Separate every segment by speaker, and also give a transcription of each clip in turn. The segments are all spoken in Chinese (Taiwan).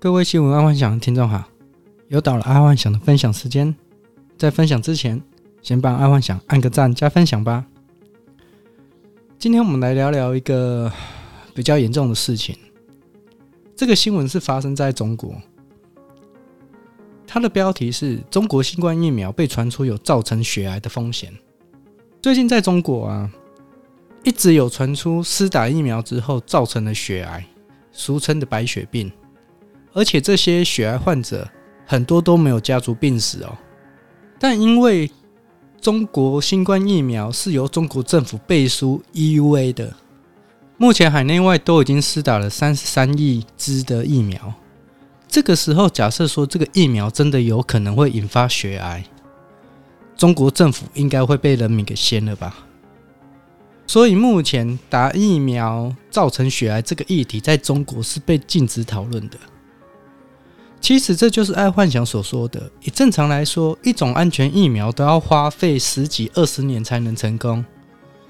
Speaker 1: 各位新聞阿幻想的聽眾好，又到了阿幻想的分享時間。在分享之前，先幫阿幻想按個讚加分享吧。今天我們來聊聊一個比較嚴重的事情。這個新聞是發生在中國，它的標題是中國新冠疫苗被傳出有造成血癌的風險。最近在中國啊，一直有傳出施打疫苗之後造成了血癌，俗稱的白血病。而且這些血癌患者很多都沒有家族病史哦，但因為中國新冠疫苗是由中國政府背書 EUA 的，目前海內外都已經施打了三十三億支的疫苗。這個時候，假設說這個疫苗真的有可能會引發血癌，中國政府應該會被人民給掀了吧？所以目前打疫苗造成血癌這個議題，在中國是被禁止討論的。其實這就是愛幻想所說的。以正常來說，一種安全疫苗都要花費十幾、二十年才能成功。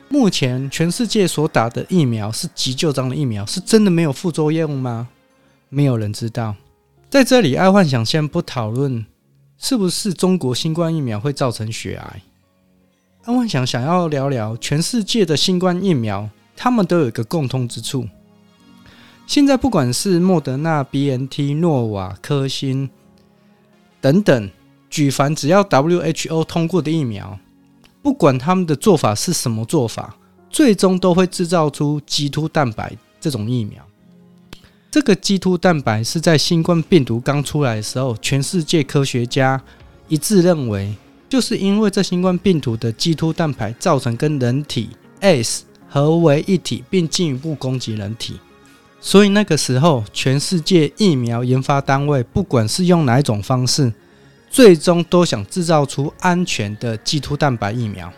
Speaker 1: 目前全世界所打的疫苗是急就章的疫苗，是真的沒有副作用嗎？沒有人知道。在這裡，愛幻想先不討論是不是中國新冠疫苗會造成血癌。愛幻想想要聊聊全世界的新冠疫苗，他們都有一個共通之處。現在不管是莫德納、B N T、諾瓦科興等等，舉凡只要 W H O 通過的疫苗，不管他們的做法是什麼做法，最終都會制造出棘突蛋白這種疫苗。這個棘突蛋白是在新冠病毒剛出來的時候，全世界科學家一致認為，就是因為這新冠病毒的棘突蛋白造成跟人體 ACE 合為一體，並進一步攻擊人體。所以那個時候，全世界疫苗研發單位，不管是用哪種方式，最終都想制造出安全的棘突蛋白疫苗，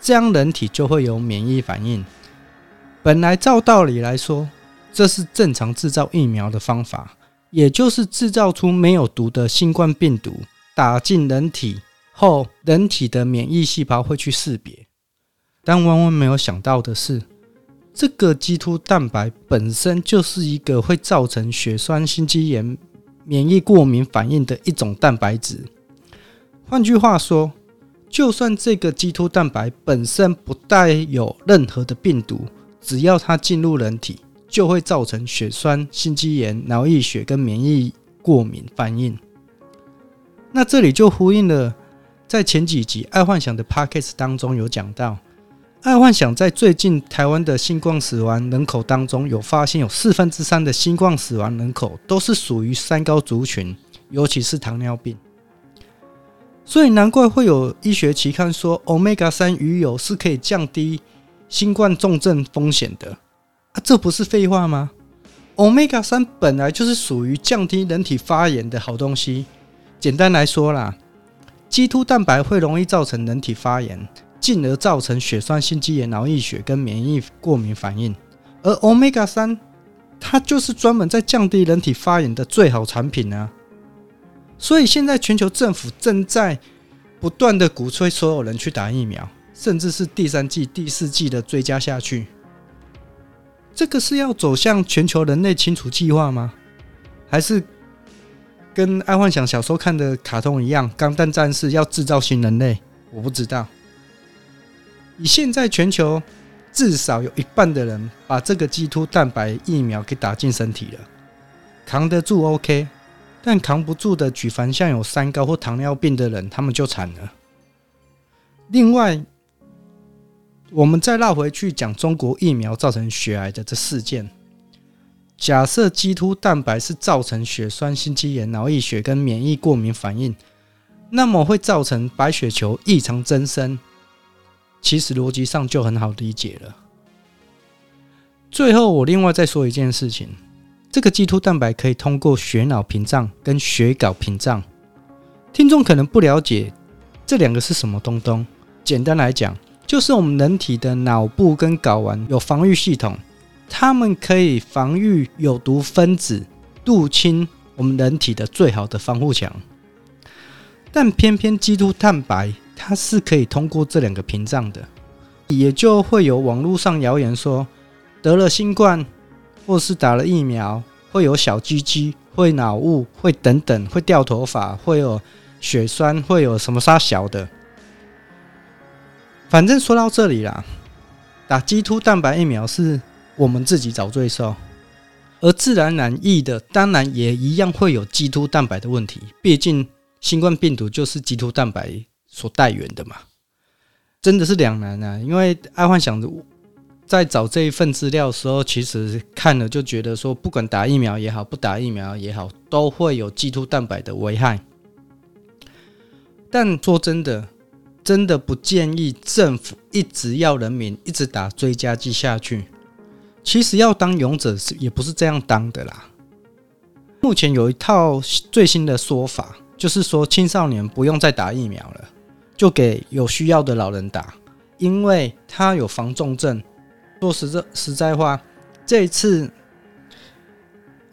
Speaker 1: 這樣人體就會有免疫反應。本來照道理來說，這是正常制造疫苗的方法，也就是制造出沒有毒的新冠病毒，打進人體後，人體的免疫細胞會去識別。但萬萬沒有想到的是。這個棘突蛋白本身就是一個會造成血栓、心肌炎、免疫過敏反應的一種蛋白質。換句話說，就算這個棘突蛋白本身不帶有任何的病毒，只要它進入人體，就會造成血栓、心肌炎、腦溢血跟免疫過敏反應。那這裡就呼應了，在前幾集《愛幻想的 Podcast》當中有講到。愛幻想在最近台灣的新冠死亡人口當中，有發現有四分之三的新冠死亡人口都是屬於三高族群，尤其是糖尿病。所以難怪會有醫學期刊說，Omega 三魚油是可以降低新冠重症風險的啊！這不是廢話嗎？Omega 三本來就是屬於降低人體發炎的好東西。簡單來說啦，棘突蛋白會容易造成人體發炎。進而造成血栓、心肌炎、腦溢血跟免疫過敏反應，而 Omega 三，它就是專門在降低人體發炎的最好產品啊。所以現在全球政府正在不斷的鼓吹所有人去打疫苗，甚至是第三劑、第四劑的追加下去，這個是要走向全球人類清除計劃嗎？還是跟愛幻想小時候看的卡通一樣，鋼彈戰士要制造新人類？我不知道。以現在全球至少有一半的人把這個棘突蛋白疫苗給打進身體了，扛得住 OK，但扛不住的，舉凡像有三高或糖尿病的人，他們就慘了。另外，我們再繞回去講中國疫苗造成血癌的這事件。假設棘突蛋白是造成血栓、心肌炎、腦溢血跟免疫過敏反應，那麼會造成白血球異常增生。其實邏輯上就很好理解了。最後，我另外再說一件事情：這個棘突蛋白可以通過血腦屏障跟血睾屏障。聽眾可能不了解這兩個是什麼東東。簡單來講，就是我們人體的腦部跟睾丸有防禦系統，它們可以防禦有毒分子，入侵我們人體的最好的防護牆。但偏偏棘突蛋白。它是可以通過這兩個屏障的，也就會有網絡上謠言說得了新冠或是打了疫苗會有小雞雞、會腦霧、會等等、會掉頭髮、會有血栓、會有什麼啥小的。反正說到這裡啦，打棘突蛋白疫苗是我們自己找罪受，而自然染疫的當然也一樣會有棘突蛋白的問題，畢竟新冠病毒就是棘突蛋白。所代言的嘛，真的是兩難啊！因為愛幻想着在找這一份資料的時候，其實看了就覺得說，不管打疫苗也好，不打疫苗也好，都會有棘突蛋白的危害。但說真的，真的不建議政府一直要人民一直打追加劑下去。其實要當勇者，也不是這樣當的啦。目前有一套最新的說法，就是說青少年不用再打疫苗了。就給有需要的老人打，因為他有防重症。說實在實在話，這一次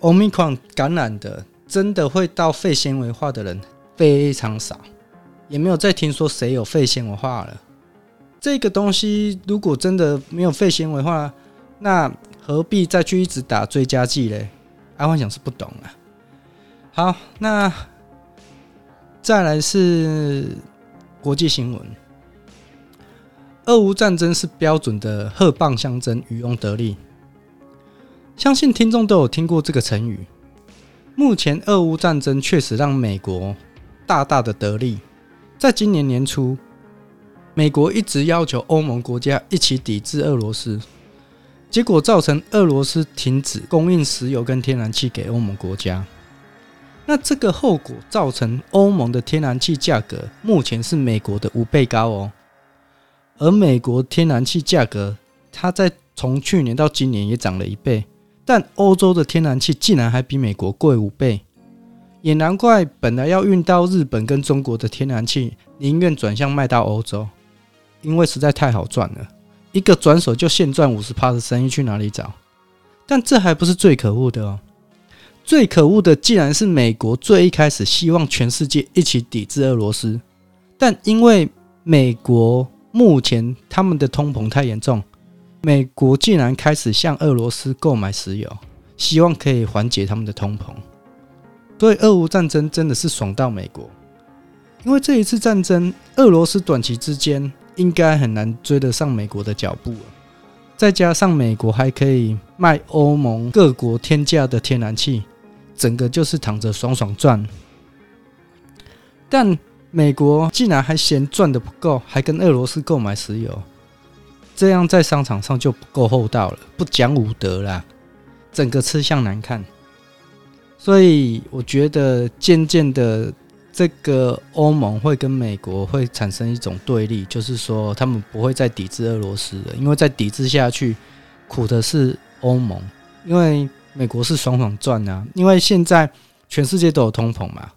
Speaker 1: Omicron 感染的真的會到肺纖維化的人非常少，也沒有再聽說誰有肺纖維化了。這個東西如果真的沒有肺纖維化，那何必再去一直打追加劑嘞？阿、啊、我想是不懂啊。好，那再來是。國際新聞：俄烏戰爭是標準的“鷸蚌相爭，漁翁得利”。相信聽眾都有聽過這個成語。目前，俄烏戰爭確實讓美國大大的得利。在今年年初，美國一直要求歐盟國家一起抵制俄羅斯，結果造成俄羅斯停止供應石油跟天然氣給歐盟國家。那這個後果造成歐盟的天然氣價格目前是美國的五倍高哦，而美國天然氣價格它在從去年到今年也漲了一倍，但歐洲的天然氣竟然還比美國貴五倍，也難怪本來要運到日本跟中國的天然氣寧願轉向賣到歐洲，因為實在太好賺了，一個轉手就現賺五十趴的生意去哪裡找？但這還不是最可惡的哦。最可惡的，竟然是美國最一開始希望全世界一起抵制俄羅斯，但因為美國目前他們的通膨太嚴重，美國竟然開始向俄羅斯購買石油，希望可以緩解他們的通膨。所以俄烏戰爭真的是爽到美國，因為這一次戰爭，俄羅斯短期之間應該很難追得上美國的腳步了。再加上美國還可以賣歐盟各國天價的天然氣。整個就是躺着爽爽賺，但美國竟然還嫌賺的不夠，還跟俄羅斯購買石油，這樣在商場上就不夠厚道了，不講武德啦，整個吃相難看。所以我覺得，漸漸的，這個歐盟會跟美國會產生一種對立，就是說，他們不會再抵制俄羅斯了，因為再抵制下去，苦的是歐盟，因為。美國是雙方賺啊，因為現在全世界都有通膨嘛，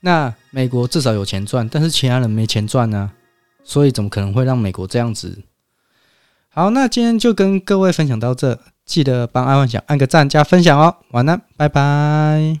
Speaker 1: 那美國至少有錢賺，但是其他人沒錢賺呢、啊，所以怎麼可能會讓美國這樣子？好，那今天就跟各位分享到這，記得幫阿萬想按個讚加分享哦，晚安，拜拜。